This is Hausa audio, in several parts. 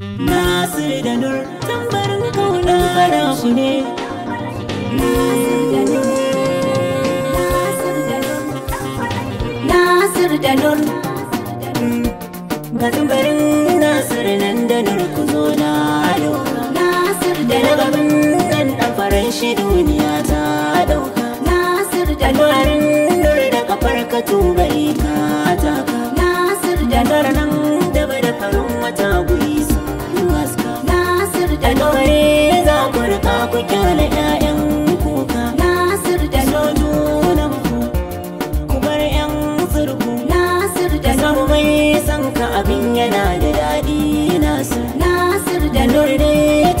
Nasir da Nur tambarin kauna fara su ne. Nasir da Nur Ga tambarin Nasir nan da Nur ku zo na Nasir da Nur nan ɗan faran shi duniya ta. ku kyale 'ya'yan kuka nasir da sojunan ku ku bar 'yan surku nasir da zama mai san ka abin yana da daɗi nasir nasir da nurde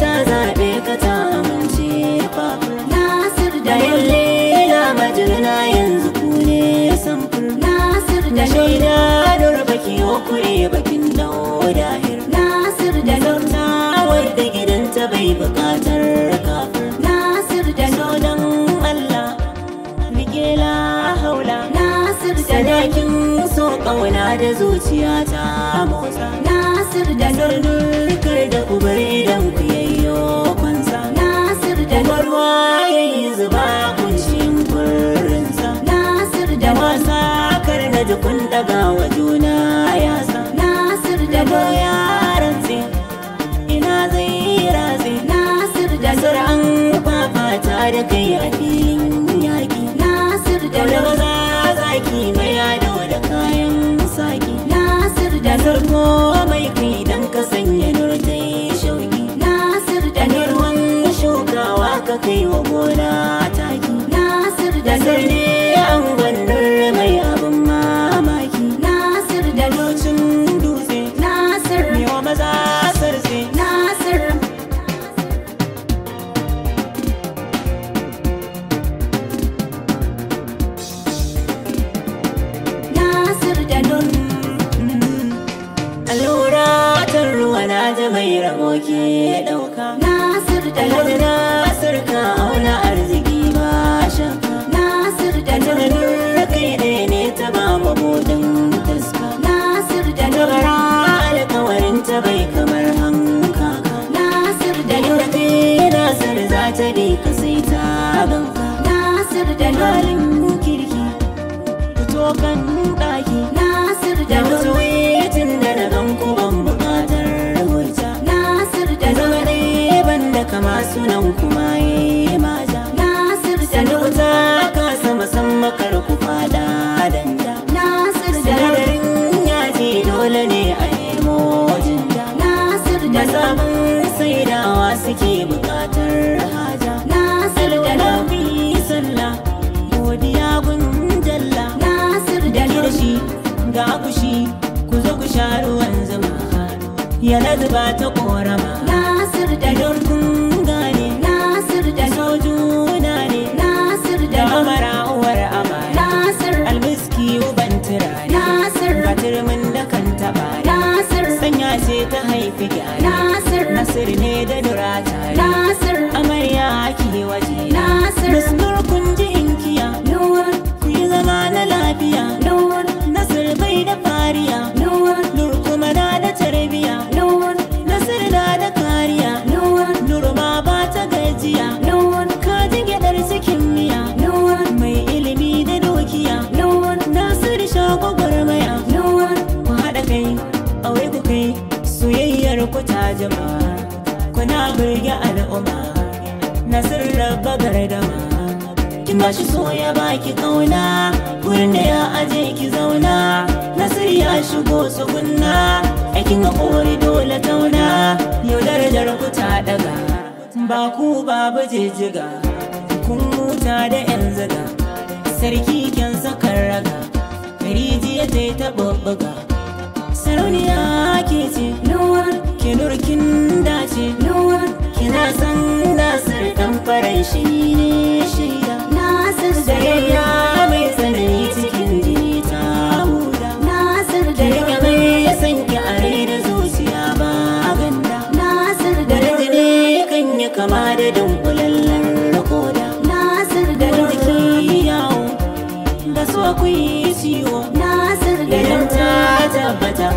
ta zaɓe ka ta amince fafa nasir da yalle na majalina yanzu ku ne samfur nasir da shaida durba baki. kure bakin dauda sadakin so ƙauna da zuciya ta motsa nasir da nurnukar da ubar idan ku yayyo kwanza nasir da ruwa yayi zuba kunshin burinsa nasir da wasa karna da kun daga wa juna ya sa. nasir da doya rantse ina zai ratse nasir da sir an fafata da kai a zaki mai ado da kayan saki nasir da zargo mai kai dan ka sanya nurtai shauki nasir da nurwan shukawa ka kai wa gona rabo ke dauka nasir da lalana asirka auna arziki ba shakka nasir da nuna lalana kai ɗaya ne ta ba mabudin taska nasir da nuna lalana alkawarin ta bai kamar hanka nasir da nuna lalana nasir za ta bi ka sai ta banka nasir da nuna lalana kirki fito kan sunan kuma yi maza Nasir sanu wuta ka sama san makar ku fada danja Nasir sanarin yaji dole ne a nemo jinja Nasir da sabon saidawa suke bukatar haja Nasir da nabi sallah godiya gun jalla Nasir da kirshi ga kushi ku zo ku sha ruwan zama ya zuba ta korama ce ta haifi gyare Nasir Nasir ne da dura tare Nasir amarya ake waje Nasir Nasir kun ji inkiya Nur ku yi zama na lafiya burge al'umma nasir rabba gardama ki bashi so ba ki kauna wurin da ya aje ki zauna nasir ya shigo tsugunna aikin hakuri dole tauna yau darajar ku ta daga ba ku babu jijjiga kun muta da yan zaga sarki kyan sakar raga rijiya ta yi ta babbaga rai shi ne shida nasir da ya mai tsanani cikin jita huda nasir da ya mai ya sanki a rai da zuciya ba ganda nasir da ya ne kan yi kama da dunkulallar rakoda nasir da ya yawo da so ku yi ciwo nasir da ya ta tabbata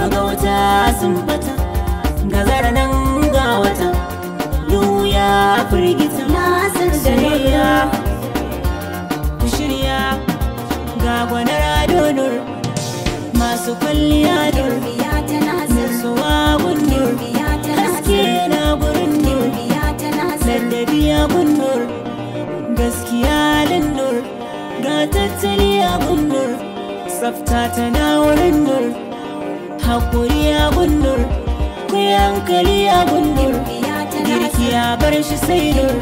magauta sun bata gazar nan ga wata ya firgi ga gwanar adonur masu kwalliya dur nutsuwa gundur haske na gurin nur daddabiya gundur gaskiya lindur ga tattali a gundur tsafta ta na wurin nur hakuri a gundur ku hankali a gundur girki ya bar shi sai nur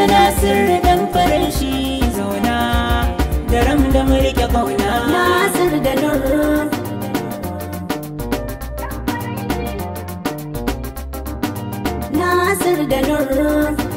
tana sirri dan farin shi zauna da ram da mulki kauna nasir da nurun nasir da nurun